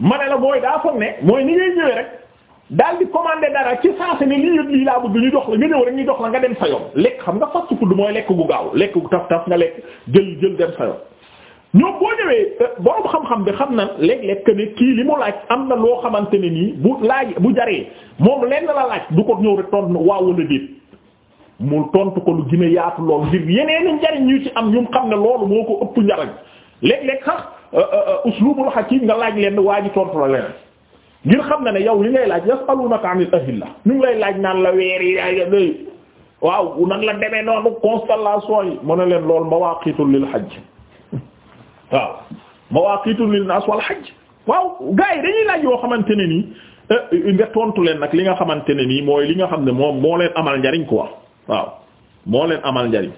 ma ne la mooy daa foog ne mooy ni ngay ñëwee rek daal di commander dara ci saase ni lii yëpp lii laa bëgg ñu jox la nga ñëw rek ñu jox la nga dem sa yoon lekk xam nga fast food mooy lekk gu gaaw lekk gu taf taf nga lekk jël jël dem sa yoon. ñoom boo ñëwee euh, borom xam-xam bi xam na léeg-léeg ne kii li mu laaj am na loo xamante ne nii bu laaj bu jaree moom lenn la laaj du ko ñëw rek tontu waaw wala déet mu tontu ko lu gën a yaatu lool ngir yeneen njariñ ñu ci am ñu xam ne loolu moo ko ëpp njariñ Euh, euh, euh, uslubul hakim nga laaj leen waa ji tontu la leen ngir xam na ne yow li ngay laaj yasalunaka anil ahilla ñu ngi laaj naan la weer yi waaw nag la demee noonu constellation yi mu ne leen lool mawaaqiitul lil hajj waaw mawaaqiitul lil naas wal hajj waaw gars yi dañuy laaj yoo xamante ne nii nga tontu leen nag li nga xamante ne nii mooy li nga xam ne moom moo leen amal njariñ ko waaw moo leen amal njariñ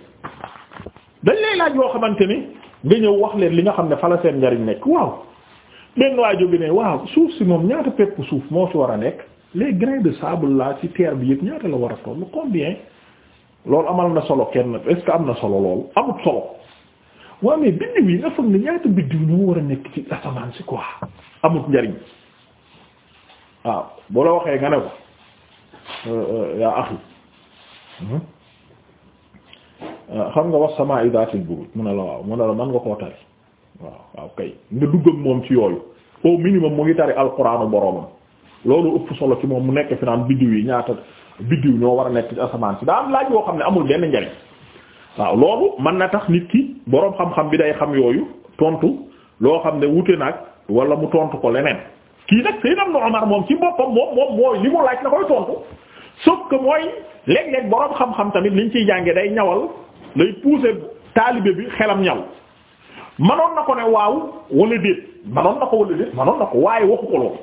dañ lay laaj yoo xamante nga ñëw wax leen li nga xam ne fa la seen njariñ nekk waaw benn waa jóge ne waaw suuf si moom ñaata pepp suuf moo fi war a nekk les grains de sable là ci teer bi yëpp ñaata la war a toll combien loolu amal na solo kenn est-ce que am na solo loolu amut solo waaw mais biddiw yi nga foog ne ñaata biddiw ñoo war a nekk ci asamaan si quoi amut njariñ waaw bu la waxee nga ne ko euh, euh, yaa axi hmm? xam nga wax sama idaatil buruj mu ne la waaw mu ne la mën nga koo tari waaw kay nga dugg moom ci yooyu au minimum mu ngi tari alquraanu boroomam loolu ëpp solo ci moom mu nekk fi naan biddiw yi ñaata biddiw ñoo war a nekk asamaan si daa laaj woo xam ne amul benn njariñ waaw loolu mën na tax nit ki boroom xam-xam bi day xam yooyu tontu loo xam ne wute nag wala mu tontu ko leneen kii nag Seydina Umar moom ci boppam moom moom mooy li mu laaj liñ ciy jànge day ñawal lay pousser taalibe bi xelam ñaw manoon na ko ne waaw wala déet manoon na ko wala déet manoon na ko waaye waxu ko lool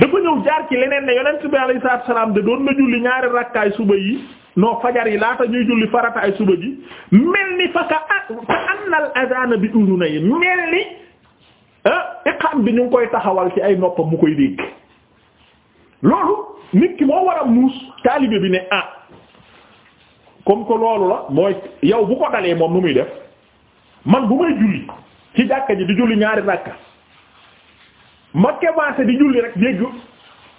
dafa ñëw jaar ci leneen ne yonent bi alayhi salaatu salaam de doon na julli ñaari rakkaay suba yi non fajar yi laata ñuy julli farata ay suba ji mel ni fa ka fa annal adana bi uduna yi mel ni ah, iqam bi ñu ngi koy taxawal ci ay noppam mu koy dégg loolu nit ki moo war a muus taalibe bi ne ah comme que loolu la mooy yow bu ko dalee moom nu muy def man bu may julli ci jàkka ji di julli ñaari rakka ma commencé di julli rek dégg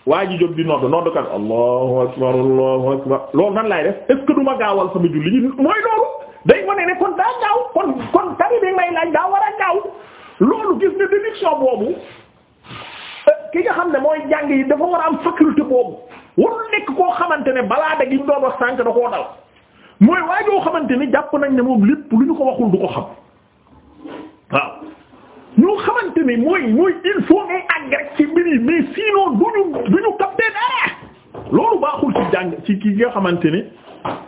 waa ji jóg di nodd noddkat allahu akbar allahu akbar loolu nan laay def est-ce gaawal sama julli mooy loolu day wane ne kon daa gaaw kon kon tari bi laaj daa war a gaaw loolu gis ne déduction boobu euh, ki nga xam ne mooy jàng yi dafa war a am faculté boobu warul nekk koo xamante ne balaa da gi doon wax sànk mooy waajoo xamante ni jàpp nañ ne moom lépp lu ñu ko waxul du ko xam waaw ñoo xamante mooy mooy il faut ngay àgg rek ci mbir yi mais sinon duñu duñu capter dara loolu baaxul ci jàng ci ki nga xamante ni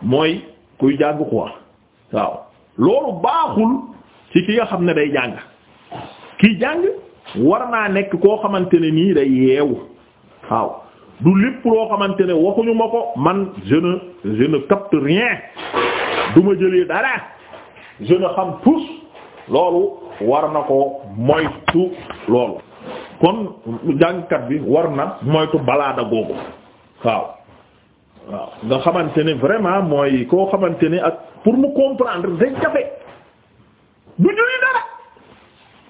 mooy kuy jàng quoi waaw loolu baaxul ci ki nga xam ne day jàng kiy jàng war naa nekk koo xamante ne nii day yeewu waaw du lépp loo xamante ne waxuñu ma ko man je ne je ne du ma jëlee dara jeune ne xam tous loolu war na ko moytu loolu kon jàngkat bi war na moytu balaada googu waaw waaw nga xamante ne vraiment mooy koo xamante ne ak pour mu comprendre day jafe du jëlee dara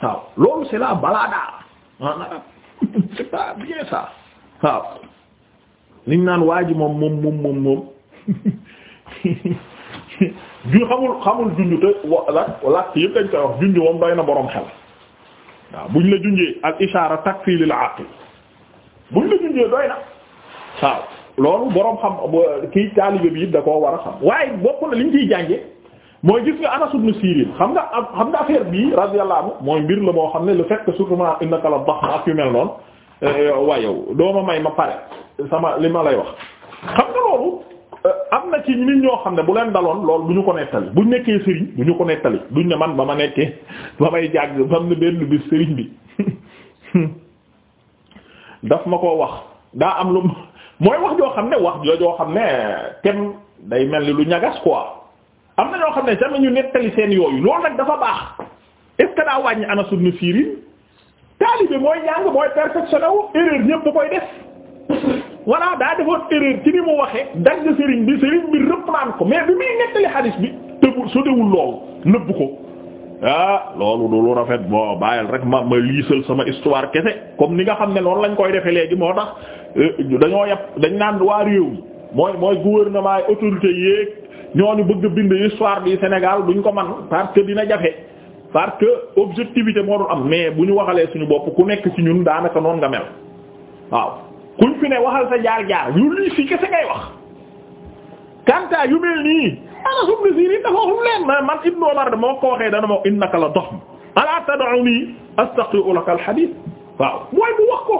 waaw loolu c'est la balada ah, waaw liñ naan waa ji moom moom moom moom moom ju xamul xamul junj te làkk yëpp dañ koy wax junj moom doy na boroom xel waaw buñ la junjee al ishaara takfi lil aqil buñ la junjee doy na waaw loolu boroom xam kii taalibe bi it da koo war a xam waaye bokk na liñ ciy jànge mooy gis nga Anas ibn Sirin xam nga am xam nga affaire bii radiyallahu anhu mooy mbir la moo xam ne le fait que innaka la dax ak yu mel noonu Euh, waa doo ma may ma pare sama li ma lay wax xam nga loolu euh, am na ci nit ñoo xam ne bu leen daloon lool bu ñu ko nettali bu ñu nekkee sëriñ bu ñu ko nettali duñ ne man ba ma nekkee ba may jàgg bam ne benn bi sëriñ bi daf ma ko wax daa am lu mooy wax joo xam ne wax joo xam ne kenn day mel ni lu ñagas quoi am na ñoo xam ne sama ñu nettali seen yooyu loolu nag dafa baax est ce que daa wàññi Anas ibn Sirin taalibe mooy jàng mooy perfectionné wu erreur ñëpp bu koy def voilà daa defoon erreur ci ni mu waxee dagg sëriñ bi sëriñ bi reprendre ko mais bi muy nettali hadith bi tëbul sotewul loolu nëbbu ko ah loolu du lu rafet bon bàyyil rek ma ma liisal sama histoire kese comme ni nga xam ne noonu lañ koy defee léegi moo tax euh, dañoo yab dañ naan waa réew mi mooy mooy gouvernement yi autorité yéeg ñooñu bëgg bind histoire bi Sénégal duñ ko man parce que dina jafe. parce que objectivité moo doon am mais bu ñu waxalee suñu bopp ku nekk ci ñun daanaka noonu nga mel waaw kuñ fi ne waxal sa jaar-jaar yu lii fi kese ngay wax kanta yu mel nii Anas ibn Sirin dafa waxum leen man Ibn Umar da moo ko waxee dana ma innaka la dahm ala tad'uni astaqi'u laka al waaw mooy bu wax ko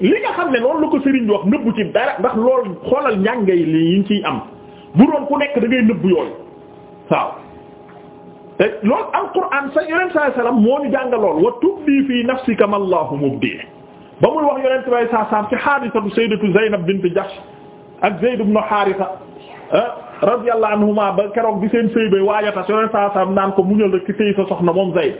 li nga xam ne noonu la ko Serigne wax nëbbu ci dara ndax loolu xoolal njàngay li yi ñu ciy am bu doon ku nekk da ngay nëbbu yooyu waaw te loolu alquran sa yonent saa salaam moo ñu jàngal lool wa tubdi fii nafsika ma Allahu mubdi ba muy wax yonent bay saa saam ci xaadisatu sayyidatu Zaynab bint Jahsh ak Zayd ibn Haarisa ah, radiyallahu anhuma ba keroog bi seen sëy bay waajatas yonent saa saam naan ko muñal rek ci sëy sa soxna moom Zayd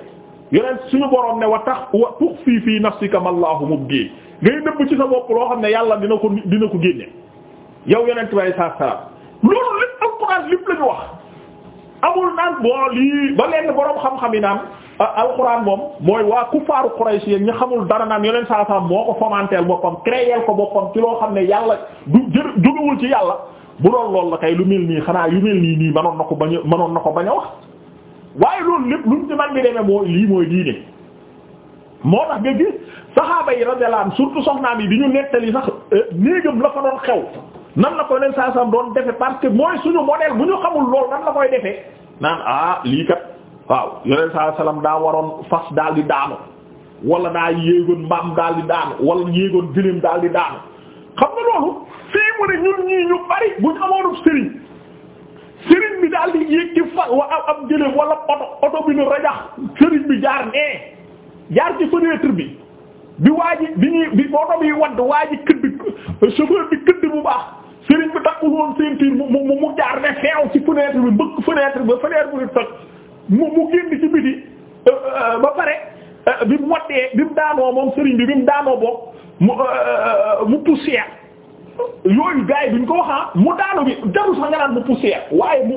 yonent suñu borom ne wa tax wa tuxfi fii nafsika ma Allahu mubdi ngay nëbb ci sa bopp loo xam ne yàlla dina ko dina ko génne yow yonent bay saa saam loolu lépp alquran lañu wax. amul naan bon lii ba lenn boroom xam-xam yi naan alxuraan moom mooy waa kuffaaru Quraysh yéen ñi xamul dara naan yeneen saa saa moo ko fomanteel boppam créer ko boppam ci loo xam ne yàlla du jër jógewul ci yàlla bu doon loolu la kay lu mel nii xanaa yu mel nii nii mënoon na ko bañ a mënoon na ko bañ a wax. waaye loolu lépp lu mu ci man bi demee mooy lii mooy diine moo tax nga gis saxaaba yi radiyallahu anhum surtout soxnaam yi di ñu nettali sax eh, néegam la fa doon xew. nan la koy leen saa defe parce que mooy suñu modèle bu ñu xamul lool nan la koy defee naan ah lii kat waaw yeneen salaam daa waroon fas daal di daanu wala daa yéegoon mbaam daal di daanu wala yéegoon gëléem daal di daanu xam nga loolu fii mu ne ñun ñii ñu bari bu ñu amoon sëriñ sëriñ bi daal di yéeg ci fa wa am gëléem wala oto oto bi ñu rajax sëriñ bi jaar nee jaar ci fenêtre bi bi waa bi ñuy bi oto bi wadd waa ji këdd chauffeur bi këdd bu baax. sëriñ bi takkul woon ceinture mu mu mu jaar ne feew ci fenêtre bi mbëkk fenêtre ba fenêtre bi toj mu mu génn ci biti euh, euh, ba pare euh, bi mu waddee bi mu daanoo moom sëriñ bi bi mu daanoo boog mu mu poussière yooyu gars yi duñ ko waxaa ah, mu daanu bi jarul sax nga naan mu poussière waaye mu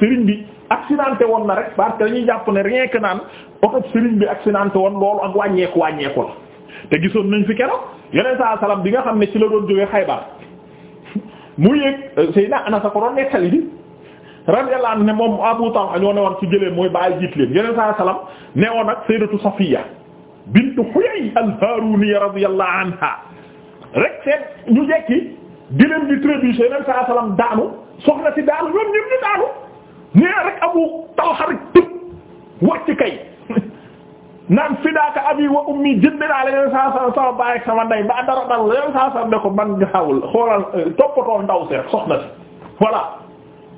sëriñ bi accidenté woon na rek parce que dañuy jàpp ne rien que naan oto sëriñ bi accidenté woon loolu ak wàññeeku wàññeeku la te gisoon nañ fi keroog yeneen saa salaam bi nga xam ne ci la doon jógee Xaybar mu yéeg euh, Seydina Anas a ko doon nettali bi radiyallahu anhu ne moom Abu Talha ñoo ne woon ci gëléem mooy bàyyi jiit leen yeneen saa salaam ne woon ak Sayyidatu Safiya bintu Huyay al-Haruniya radiyallahu anha rek seet ñu jekki gëléem di trébuché yeneen saa daanu soxna daanu ñoom ñëpp daanu nee rek Abu Talha rek tëb kay naan fidaaka abi wa ummi jënd naa la saa saa sama baay ak sama ndey ba dara dal yeneen saa saa ne ko man gaawul xoolal euh, toppatoo ndaw seet soxna si voilà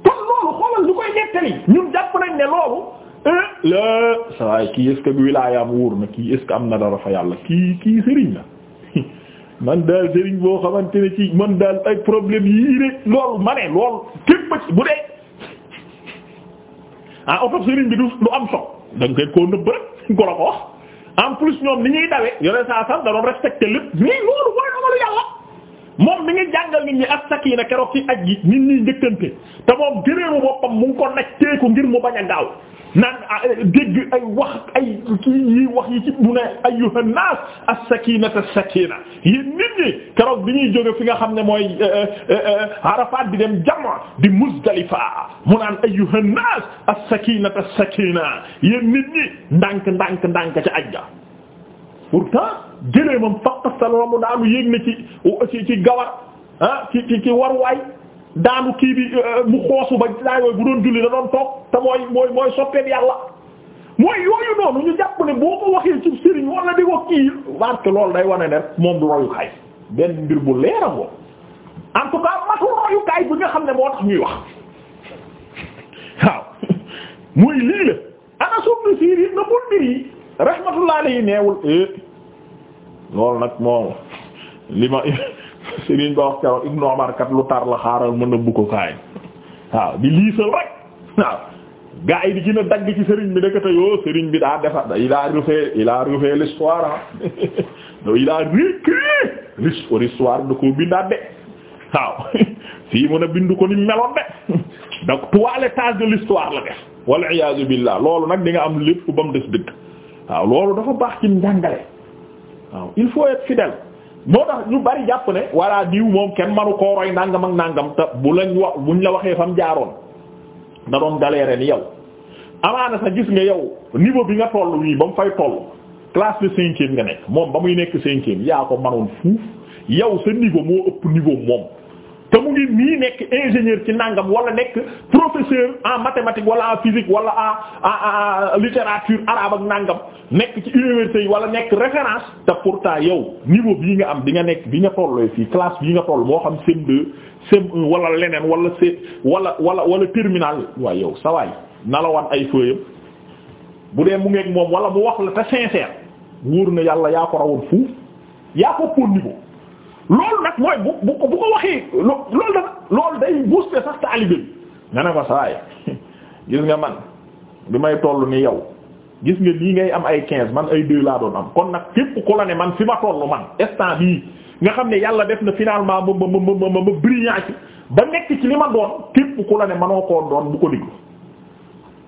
kon loolu xoolal lu koy nettali ñun jàpp nañ ne loolu euh, la saa kii kii est am na dara fa man daal sëriñ boo xamante ne ci man daal ay problème yii rek loolu ma ne loolu képp ci bu dee ah oto sëriñ bi du am solo. da nga ko koo nëbb ko la ko wax en plus ñoom ni ñuy dawe yore saa sax da doon respecté lépp mais la mooy amalu yàlla. moom mi ngi jàngal nit ñi as-sakina keroog ci aj ni nit ñi njëkkante te moom gëreemu boppam mu ngi ko naj teeku ngir mu bañ a gaaw naan eh, gi ay wax ay ki wax yi ci mu ne ayyuha nas as-sakinata as-sakina yéen nit ñi keroog bi ñuy jóge fi nga xam ne mooy eh, eh, Arafat bi dem Jamra di Muzdalifa mu naan ayyuha nas as-sakinata as-sakina yéen nit ñi ndànk ndànk ndànk ca ajja pour gëléemam faqastaloo mu daanu yéeg na ci ci gawar ah ci ci war waruwaay daanu kii bi euh, mu xoosu ba daa bu doon julli da doon toog te mooy mooy mooy soppeeb yàlla mooy yooyu noonu ñu jàpp ne boo waxee ci sëriñ wala di ko kii parce que loolu day wane ne moom du royukaay benn mbir bu leer a en tout matul royukaay bi nga xam ne moo tax ñuy wax waaw muy lii la Anas ibn Sirin na mbir yi. rahmatullah yi neewul eh. loolu nag moom li ma Serigne ba wax keroog Ibnu Umar kat lu tar la xaaral mën na bu ko waaw di liisal rek waaw gaa yi di gën a dagg ci sëriñ bi dëkkata yoo Serigne bi daa defar il a refait il a refait l'histoire ah do il a da koo bindaat de waaw fii mën a bind ko ni meloon de donc toilettage de l'histoire la def wal iyaazu billah loolu nag di nga am lépp ba mu des dëgg waaw loolu dafa baax ci njàngale waaw il faut être fidèle moo tax ñu bari jàpp ne walla diw moom kenn manu koo roy nangam ak nangam te bu lañ wax buñ la waxee fam jaaroon na doon galère ni yow amaana sa gis nga yow niveau bi nga toll wii ba mu fay toll classe de cinquième nga nekk moom ba muy nekk cinquième yaa ko manoon fuuf yow sa niveau moo ëpp niveau moom te mu ngi nii nekk ingénieur ci nangam wala nekk professeur en mathématique wala en physique wala en en littérature arabe ak nangam nekk ci université yi wala nekk référence te pourtant yow niveau bii nga am bi nga nekk bi nga tollee fii classe bii nga toll moo xam CM2 CM1 wala leneen wala C wala wala wala terminal waaye yow sa waay na la wan ay feuilles bu dee mu ngeeg moom wala mu wax la te sincère wóor na yàlla yaa ko rawoon loolu nag mooy bu bu bu ko waxee loolu nag loolu day booster sax taalibe bi nga ne ko saay gis nga man bi may toll ni yow gis nga lii ngay am ay quinze man ay deux laa doon am kon nag képp ku la ne man fi ma toll man instant bii nga xam ne yàlla def na finalement ma ma ma ma ma ba nekk ci li ma doon képp ku la ne manoo koo doon bu ko déglu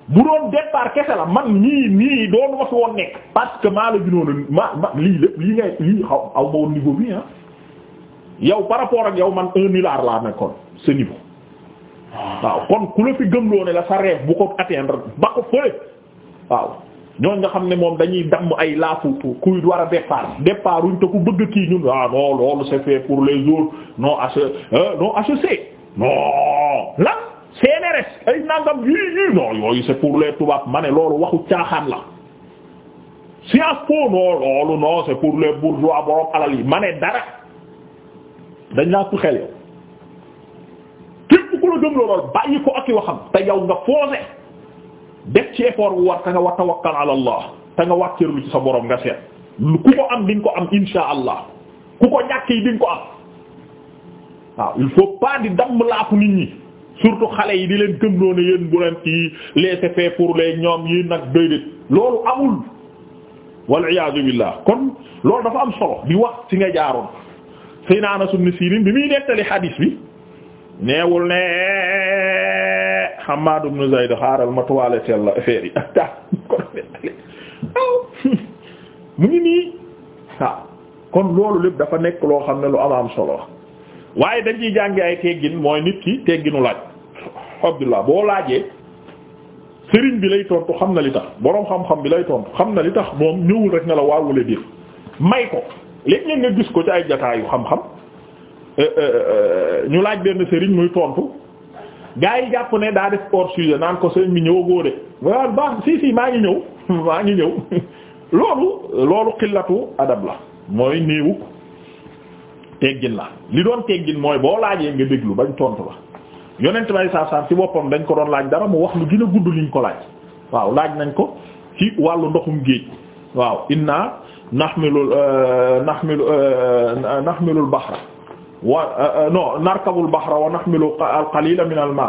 bu doon départ kese la man nii nii doon ma fi woon nekk parce que maa la gënoon a ma ma lii lépp yow par rapport ak yow man un milliard laa nekkoon sa niveau waaw kon ku la fi gëmloo ne la sa rêve bu ko atteindre ba ko fële waaw ñooñ nga xam ne moom dañuy damm ay laafu kuy war a départ départ uñ te ku bëgg kii ñun ah non loolu c'est fait pour les autres non H e, euh, non e non la CNRS ay nangam yi yi non yooyu c'est pour les tubaab ma ne loolu waxu caaxaan la Sciences Po non loolu non c'est pour les bourgeois borom alal yi ma ne dara dañ laa ko xel képp ku la gëm loolu bàyyi ko ak waxam te yaw nga foose def ci effort bu war te nga war tawakkal ala te nga wàcceerlu ci sa borom nga seet ku ko am di ko am insha allah ku ko ñàkk yi di nga ko am waaw il faut pas di damm laafu nit ñi surtout xale yi di leen gëm noonu yéen bu leen pour les ñoom yi nag déedéet loolu amul walla iyaazu billah kon loolu dafa am solo di wax ci nga jaaroon. Seydina Anas ibn Sirin bi muy nettali hadis bi neewul ne xamaadu ibn Zayd xaaral ma tuwaale teel la affaire yi mu ngi nii waaw kon loolu lépp dafa nekk loo xam ne lu am am solo waaye dañ ciy jànge ay teggin mooy nit ki tegginu laaj Abdullah boo laajee sëriñ bi lay tontu xam na li tax boroom xam-xam bi lay tontu xam na li tax moom ñëwul rek ne la waawule biir may ko léeg nga gis ko ci ay jataayu xam-xam euh, euh, euh, ñu laaj benn sëriñ muy tontu gaa yi jàpp ne daa def hors sujet naan ko sëriñ bi ñëw góode waaw baax si maa ngi ñëw maa ngi ñëw loolu loolu xillatu adab la mooy néewu teggin la li doon teggin mooy boo laajee nga déglu bañ tontu la yonent bay saasaan ci boppam dañ ko doon laaj dara mu wax lu gën a gudd liñ ko laaj waaw laaj nañ ko ci wàllu ndoxum géej waaw inna naxmilu euh, naxmilu euh, naxmilu al-bahra wa euh, no narkabu al-bahra wa naxmilu al-qalila min al-ma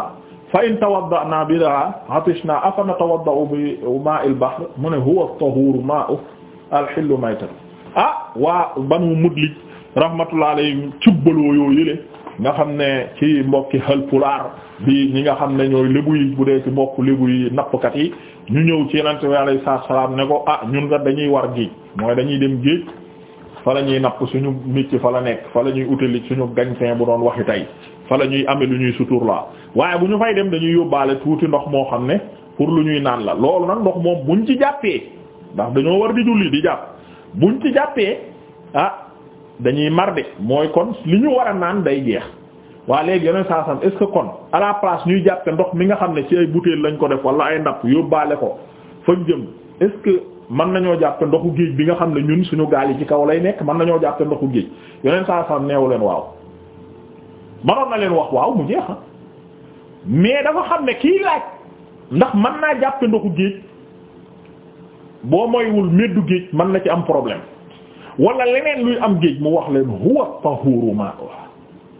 fa in tawadda'na biha atishna afa natawadda'u bi ma'i al-bahr mu ne huwa at-tahuru ma'u al-hillu maytatu ah waa banu mudlij rahmatullahi alayhim cubbaloo yoo yële nga xam ne ci mbokki halpulaar bi ñi nga xam ne ñooy lébu yi bu dee ci mbokk lébu yi nappkat yi ñu ñëw ci yenente bi alayhi salaam ne ko ah ñun nga dañuy war gi mooy dañuy dem géej fa la ñuy napp suñu métier fa la nekk fa la ñuy utali suñu gagne-pain bu doon waxi tey fa la ñuy amee lu ñuy suturlaa waaye bu ñu fay dem dañuy yóbbaale tuuti ndox moo xam ne pour lu ñuy naan la loolu nag ndox moom bu ñu ci jàppee ndax dañoo war di julli di jàpp buñ ci jàppee ah dañuy marde mooy kon li ñu war naan day jeex waa léegi yeneen saa sam est kon à la place ñuy jàppe ndox mi nga xam ne ci ay bouteille lañ ko def wala ay ndap yóbbaale ko fañ jëm mën nañoo jàppe ndoxu géej bi nga xam ne ñun suñu gaal yi ci kaw lay nekk mën nañoo jàppe ndoxu géej yeneen saa saa neewu leen waaw manoon na leen wax waaw mu jeex mais dafa xam ne kii laaj ndax man naa jàppe ndoxu géej boo moywul meddu géej man na ci am problème wala leneen luy am géej mu wax leen huwa tahuru ma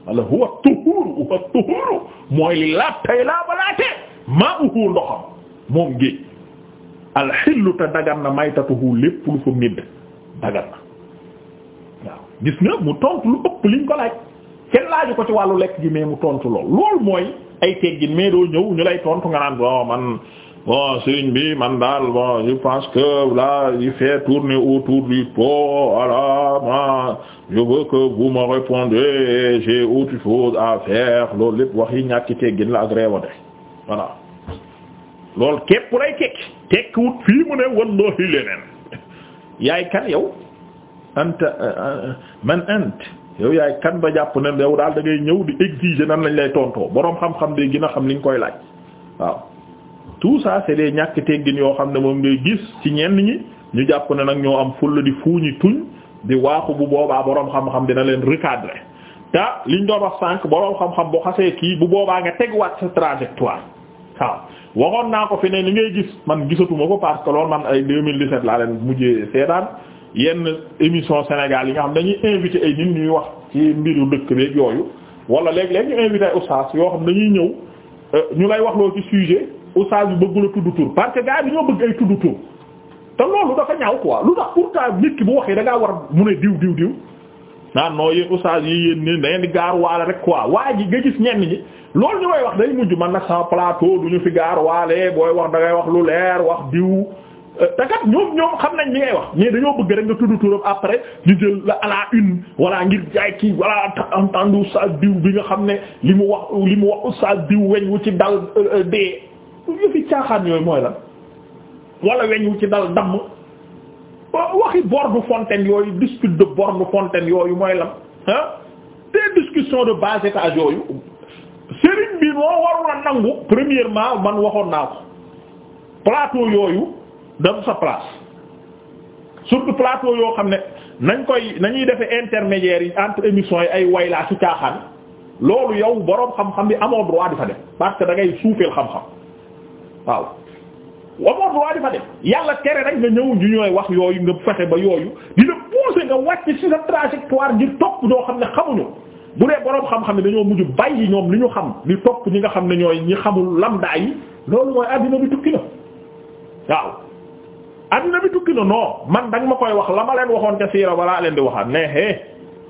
wala huwa tuhuru huwa tuhuru mooy li laab tay laa ba laate maa uhu ndoxam moom géej alxillu te dagan na maytatuhu lépp lu fa midd dagan na waaw gis nga mu tontu lu ëpp liñ ko laaj kenn laaju ko ci wàllu lekk gi mais mu tontu lool loolu mooy ay teggin mais doo ñëw ñu lay tontu nga naan bon man bon sëriñ bi man daal bon je pense que là il fait tourner autour du pot voilà moi je veux que vous me répondez j'ai autre chose à faire loolu lépp wax yi ñàkk ci teggin la ak réewante loolu képp lay tekki tekkiwut fii mu ne wallahi leneen yaay kan yow anta euh, euh, man ant yow yaay kan ba jàpp ne yow daal da ngay ñëw di exiger nan lañ lay tontoo boroom xam-xam de gën a xam liñ koy laaj waaw tout saa c'est des ñàkk teggin yoo xam ne moom ngay gis ci ñenn ñi ñu jàpp ne nag ñoo am fulla di fuuñi tuñ di waaxu bu boobaa boroom xam-xam dina leen recadrer te liñ doon wax sànq boroom xam-xam boo xasee kii bu boobaa nga tegwaat sa trajectoire waaw waxoon naa ko fi ne li ngay gis man gisatuma ko parce que loolu man ay 2017 laa leen mujjee seetaan yenn émission Sénégal yi nga xam dañuy invité ay nit ñuy wax ci mbiru dëkk beeg yooyu wala léeg-léeg ñu invité ay yoo xam dañuy ñëw euh, ñu lay wax loo ci sujet oustaz bi bëggul a tudd tur parce que gars yi dañoo bëgg ay tudd tur te loolu dafa ñaaw quoi lu tax pourtant nit ki bu waxee da ngaa war mu ne diw diw diw. naan noo yéen oustaz yi yéen ne da ngeen di gaar waale rek quoi waa ji nga gis ñenn ñi loolu ñu may wax day mujj man nag sama plateau du ñu fi gaar waale booy wax da wax lu leer wax diw euh, te kat ñoom ñoom xam nañ bi ngay wax mais dañoo bëgg rek nga tudd turam après ñu jël la à la une wala ngir jaay kii wala entendu oustaz diw bi nga xam ne li mu wax li mu wax u oustaz diw weñ wu ci dal euh, euh, dee. yu fi caaxaan yooyu mooy la wala weñ wu ci dal damm. waxi borne fontaine yooyu dispute de borne fontaine yooyu mooy lam ah te discussion de bas étage yooyu sëriñ bi moo waru na nangu premièrement man waxoon naa ko plateau yooyu dam sa place surtout plateau yoo xam ne nañ koy nañuy defe intermédiaires yi entre émissions yi ay waylaa ci caaxaan loolu yow boroom xam-xam bi amoo droit di fa def parce que da ngay suufeel xam-xam waaw wamoon droit di fa dem yàlla tere rek nga ñëw ñu ñooy wax yooyu nga fexe ba yooyu dina pousser nga wàcc ci sa trajectoire ngir topp doo xam ne xamuñu bu dee boroom xam-xam ne dañoo mujj bàyyi ñoom li ñu xam li topp ñi nga xam ne ñooy ñi xamul lambda yi loolu mooy addina bi tukki na waaw addina bi tukki na non man danga ma koy wax la ma leen waxoon ca siira walaa leen di waxaat ne é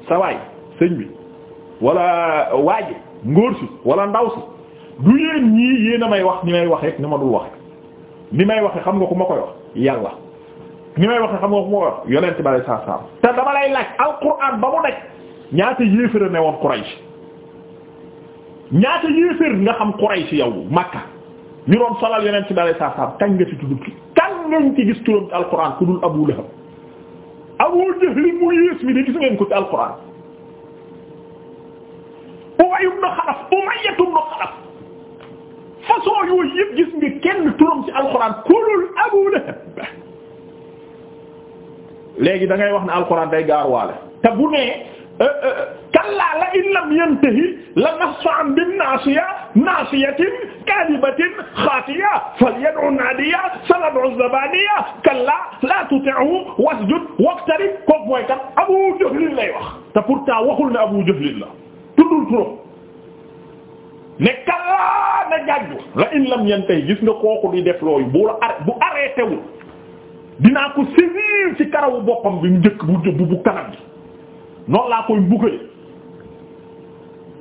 sa waay sëñ bi wala waaje ngóor si wala ndaw si du yéen ñii yéen a may wax ni may waxee ni ma dul waxee ni may waxe xam nga ku ma koy wax yàlla ni may waxe xam nga ku ma koy wax yonent bi saa salaam te dama lay laaj alquran ba mu daj ñaata yéeféer ne woon Quraysh ñaata yéeféer nga xam Quraysh yow Makka ñu doon solal yonent bi saa salaam kañ nga ci tuddu kan ngañ ci gis turam ci alquran ku dul Abu Lahab Abu Jahl mu yées mi de gis ngeen ko ci alquran Umayyu ibn Xalaf Umayyu ibn Xalaf façon yooyu yëpp gis nga kenn turam ci alxuraan kulul Abu Lahab léegi da ngay wax ne alxuraan day gaarwaale te bu nee euh, euh, kallaa la in lam yantahi la nasfa'an bin naasiya naasiyatin kaadibatin xaatiya falyad'u naadiya sanad'u zabaaniya kallaa la tuti'hu wasjud waqtarib kooku mooy kat Abu Jahlin lay wax te pourtant waxul ne Abu Jahlin la tuddul turam ne kallaa la jàjju la in lam yan gis nga kooku di def looyu bu la ar bu arrêté wul dinaa ko sévir ci karawu boppam bi mu njëkk bu bu bu kanam bi noonu laa koy mbugale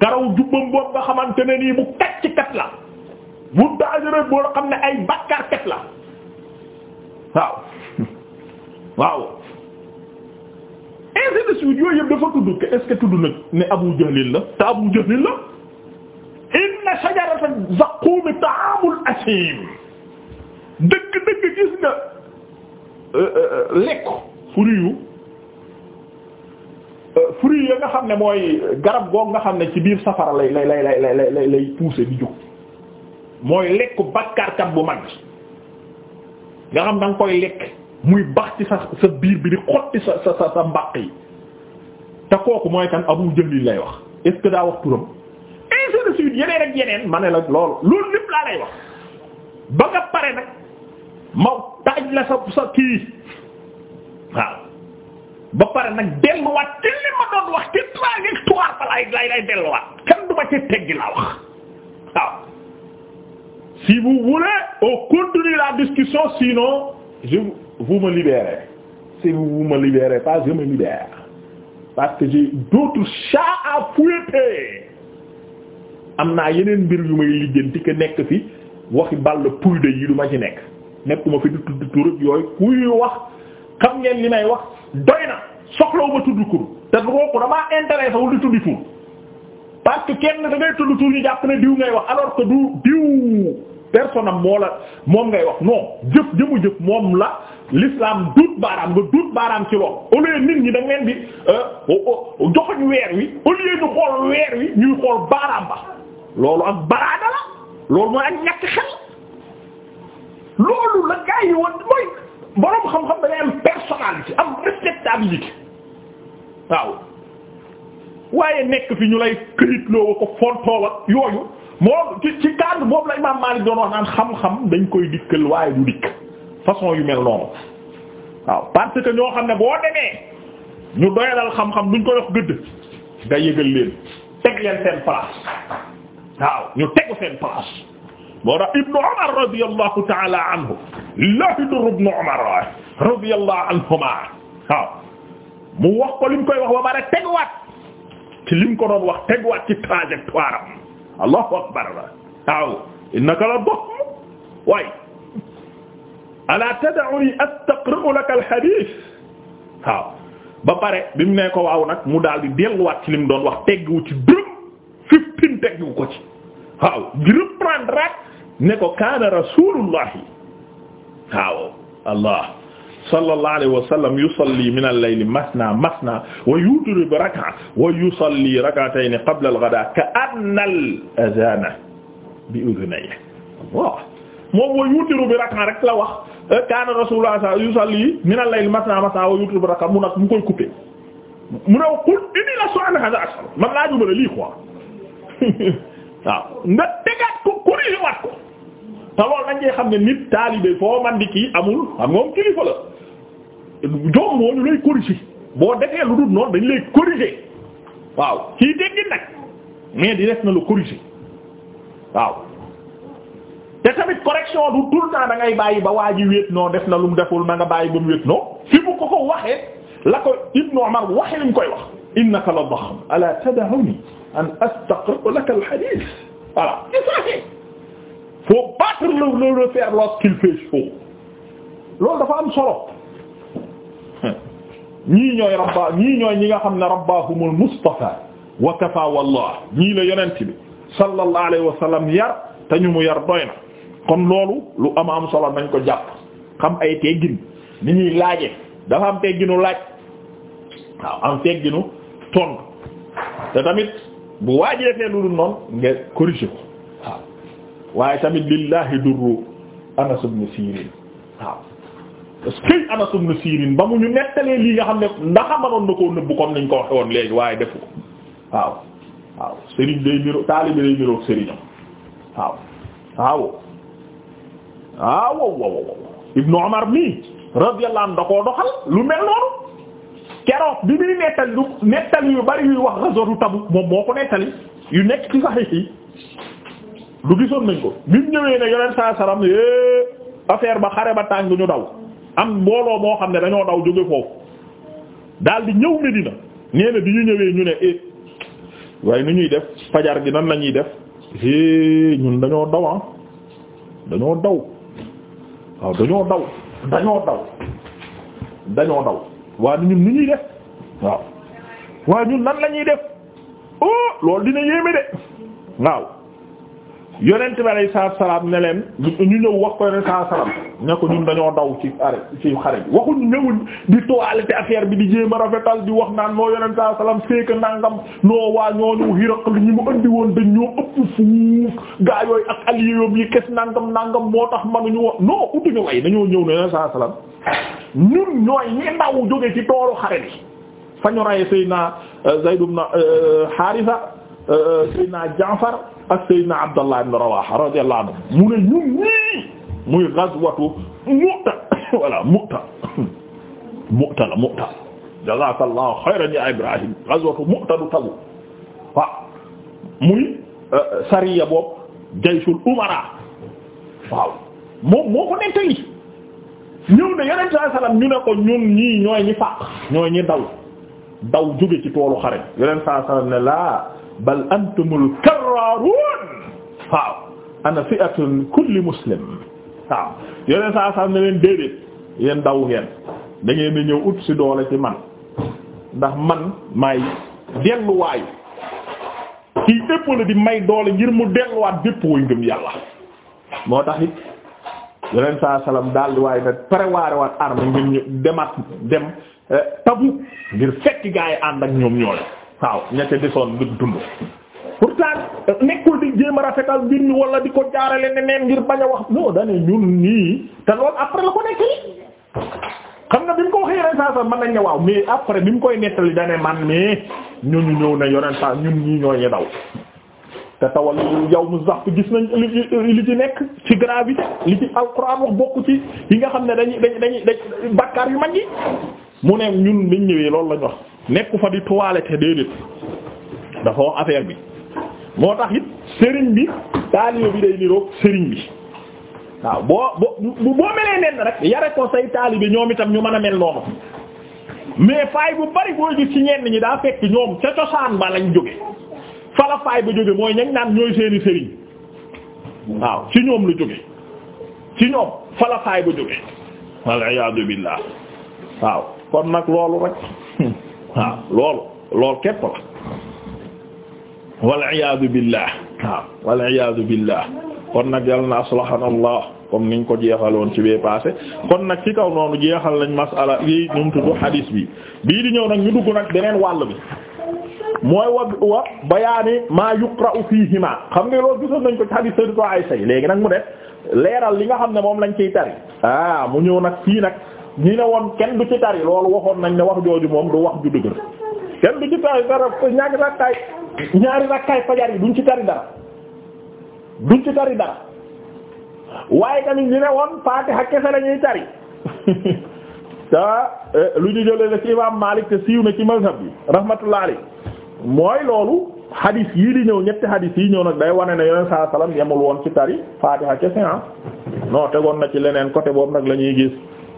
karawu jubbam boobu nga xamante nii bu kat ci kat la bu dangereux boo xam ne ay bàkkaar kat la waaw waaw ainsi de suite yooyu yëpp dafa tudd est-ce tudd nag ne Abu Jahlil la te Abu Jahlil la inna shajarata zaqqum ta'amul asim dëgg dëgg gis nga euh, euh, euh, lekk fruit yu fruit ya nga xam ne mooy garab goog nga xam ne ci biir safara lay lay lay lay lay lay pousser mooy lekk bakkaarkat bu mag nga xam da nga koy lekk muy bax ci sa sa biir bi di xotti sa sa sa mbaq yi te kooku mooy kan Abu Jahl lay wax est-ce daa wax turam yeneen ak yeneen ma ne la loolu loolu lépp laa lay wax ba nga pare nag ma taaj la sa sa kii waaw ba pare nag delluwaat ci li ma doon wax ci trajectoire ba laay lay lay delluwaat kenn du ma ci teggi laa wax waaw si vous voulez on continue la discussion sinon je vous me libérez si vous vous me libérez pas je me libère parce que j'ai d'autres am naa yeneen mbir yu may ti ke nekk fi waxi ball puy de yi du ma ci nekk nekkuma fi di tudd turub yooyu kuy wax xam ngeen li may wax doy na soxlaw tudd kur te kooku damaa intéressé wul di tuddi tur parce que kenn da ngay tudd tur ñu jàpp ne diw ngay wax alors que du diw personne am moo la moom ngay wax non jëf jëf moom la l'islam duut baaraam nga duut baaraam ci lool au lieu nit ñi da ngeen di euh, joxoñ weer wi au lieu xool weer wi ñuy xool baaraam ba loolu ak baraada la loolu mooy ak ñàkk xel loolu la gaa yi woon mooy boroom xam-xam da ngay am personnalité am respectabilité waaw waaye nekk fi ñu lay këyitloo ko fontoo ak yooyu moo ci ci cadre boobu la Imaam Maalik doon wax naan xam-xam dañ koy dikkal waaye du dikk façon yu mel noonu waaw parce ñoo xam ne boo demee ñu doyalal xam-xam duñ ko def gëdd nga yëgal leen teg leen seen place waaw ñu tegu seen place moo tax ibnu Umar radiyallahu ta'ala anhu laa yadur ibnu Umar radiyallahu anhuma waaw mu wax ko lim koy wax ba bare teguwaat ci lim ko doon wax teguwaat ci trajectoire am allahu akbar waaw innaka la doxm waay ala tad'uni astaqra'u laka al-hadith waaw ba pare bi mu ne ko waaw nag mu daal di delluwaat ci lim doon wax teggu ci dërëm fifteen teggu ko ci waaw di reprendre rek ne ko kaana rasulullahi waaw allah sallallahu alayhi wa sallam yusalli min al-layli masna masna wa yutrib rak'a wa yusalli rak'atayn qabla al-ghada ka'anna al-adhana bi udhunayhi waaw moom wa yutiru bi rak'a rek la wax kaana rasulullah sa yusalli min al-layl masna masna wa yutiru bi rak'a mu nag mu koy coupé mu ne qul inni lastu an hadha as'al man laa jubale lii quoi waaw nga tegaat ko corrigé waat ko te loolu dañ xam ne nit taalibe foo man kii amul xam nga moom kilifa la jom moo ñu lay corrigé boo defee lu dul noonu dañu lay corrigé waaw kii teggin nag mais di def na lu corrigé waaw te tamit correction du tout le temps da ngay bàyyi ba waa ji wéet noo def na lu mu deful na nga bàyyi ba mu wéet noo fi mu ko ko waxee la ko Ibnu Umar waxee li mu koy wax innaka la daxam ala tad'uni an astaqra laka al hadith voilà ci saxee faut battre le le fer lorsqu'il fait chaud loolu dafa am solo ñii ñooy rabba ñii ñooy ñi nga xam ne rabbahumul mustafa wa kafa wallah ñii la yonent bi sallallahu alayhi wa sallam yar te ñu mu yar doy na kon loolu lu am am solo nañ ko jàpp xam ay teggin ni ñuy laaje dafa am tegginu laaj waaw am tegginu tontu te tamit bu waajee defee lu dul noonu nga corriger ko waaw waaye tamit lillahi durru Anas ibn Sirin waaw parce que Anas ibn Sirin ba mu ñu nettalee lii nga xam ne ndax mënoon na koo nëbbu comme niñ ko waxee woon léegi waaye defu ko waaw waaw Serigne day miro taalibe day miro Serigne waaw waaw waaw waaw Ibnu Umar mi radiyallahu da koo doxal lu mel noonu keroog bi muy nettali lu nettali yu bari yuy wax ghazwatu Tabuk moom moo ko nettali yu nekk ci saxix yi lu gisoon nañ ko bi mu ñëwee ne yoneen saa salam é eh, ba xare ba tàng ñu daw am mbooloo moo xam ne dañoo daw jóge foofu daal ñëw Medina nee na bi ñu ñëwee ñu ne e waaye nu ñuy def fajar gi nan nañuy def é eh, ñun dañoo daw ah dañoo daw waaw dañoo daw dañoo daw dañoo daw waa ñun ni ñuy def waaw waaye ñun nan la ñuy def oh loolu dina yéeme de waaw yonent bi alayhi salaatu salaam ne leen ñu ñëw wax ko yonent salaatu salaam ne ko ñun dañoo daw ci are ci xare bi waxuñ ñëwuñ di toilette affaire bi di jéem a rafetal di wax naan noo yonent salaatu salaam fekk nangam noo waa ñooñu Hiraql ñi mu andi woon dañ ñoo ëpp fuuf gaa yooyu ak alliés yi kes nangam nangam moo tax mënuñu wax non utuñu way dañoo ñëw ne yonent salaatu salaam ñun ñooy ñi ndaw jóge ci tool xare bi fa ñu rey Seydina euh, Zayd ibn Haarisa euh, euh, Seydina Jaafar ak Seydina Abdallah ibn Rawaaha radiyallahu anhu mu ne ñun muy gazwatu Mu'ta walla Mu'ta Mu'ta la Mu'ta ya Ibrahim gazwatu Mu'ta du tagu muy sariya boobu jayshul umara waaw moom moo ko nettali ñëw ne yeneen saa salaam ñu ne ko ñun ñii ñooy ñi faq ñooy ñi daw daw jóge ci toolu xare yeneen saa salaam ne laa bal antumul karraaruun waaw ana fi'atun kulli muslim waaw yeneen saa salaam ne leen déedéet yéen daw ngeen dangeen ngeen di ñëw ut si doole ci man ndax man maay delluwaayu kii épp la di may doole ngir mu delluwaat bépp way ngëm yàlla moo tax yeneen sa salaam dal di waaye nag prévoir waat arme ngir ñu demaat dem eh, tabu ngir fekk gaa yi ànd ak ñoom ñooyu waaw ñette desoon ngir dund pourtant nekkul di jéem a rafetal mbir mi wala di ko jaarale neneen ngir bañ wax non dane ñun nii te xam nga bi ko mën nañ ne waaw mais bi mu koy nettali dane man mais ñun ñëw na yeneen saa ñun ñii ñoo ñu daw te tawal yow mu zàpp gis nañ li li ci nekk ci gravité li ci alxuraan wax bokk ci yi nga xam ne dañuy dañuy dañuy bakkaar yu mag yi mu ne ñun dañ ñëwee loolu lañ wax nekku fa di toilette déedéet dafa wax affaire bi moo tax it sëriñ bi taalibe sëriñ bi waaw boo boo boo melee nenn rek yare ko say taalibe ñoom itam ñu mën a mel noonu mais faay bu bari boo gis ci ñenn ñi daa fekk ñoom ca cosaan ba lañ jóge falafaay ba jóge mooy ñañ naan ñooy seeni sëriñ waaw ci ñoom lu jóge ci ñoom falafaay ba jóge wal iyaadu billaah waaw kon nag loolu rek waaw loolu loolu képp la wal iyaadu billaah kon nag yal na aslahana allah comme niñ ko jeexaloon ci bee passé kon nag ci kaw noonu jeexal lañ masala yi ñu tuddu hadis bi bii di ñëw nag ñu dugg nag beneen wàll bi mooy wa wa bayaani maa yuqra'u fiihima xam nga loolu gisoon nañ ko ci hadith sayyidatu Aisha léegi nag mu def leeral li nga xam ne moom lañ ciy tari ah mu ñëw nag fii nag ñu ne woon kenn du ci tari loolu waxoon nañ ne wax jooju moom du wax ju dëgër kenn du ci tari dara ñaari rakkaay ñaari rakkaay fajar yi duñ ci tari dara ci tari dara waaye tamit ñu ne woon Faatiha kese la ñuy tari te eh, lu ñu jëlee la ci siiw na ci mazhab bi rahmatullah mooy loolu hadis yii di ñëw ñetti hadis yi ñëw nag day wane ne yoneen saa salaam yemul woon ci tari Fatiha kese ah non tegoon na ci leneen côté boobu nag la ñuy gis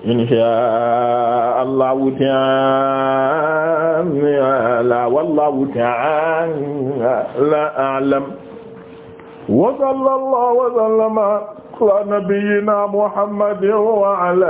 insha allahu ta'ala wallahu ta'ala wa sallallahu wa sallama ala nabiyyina wa ala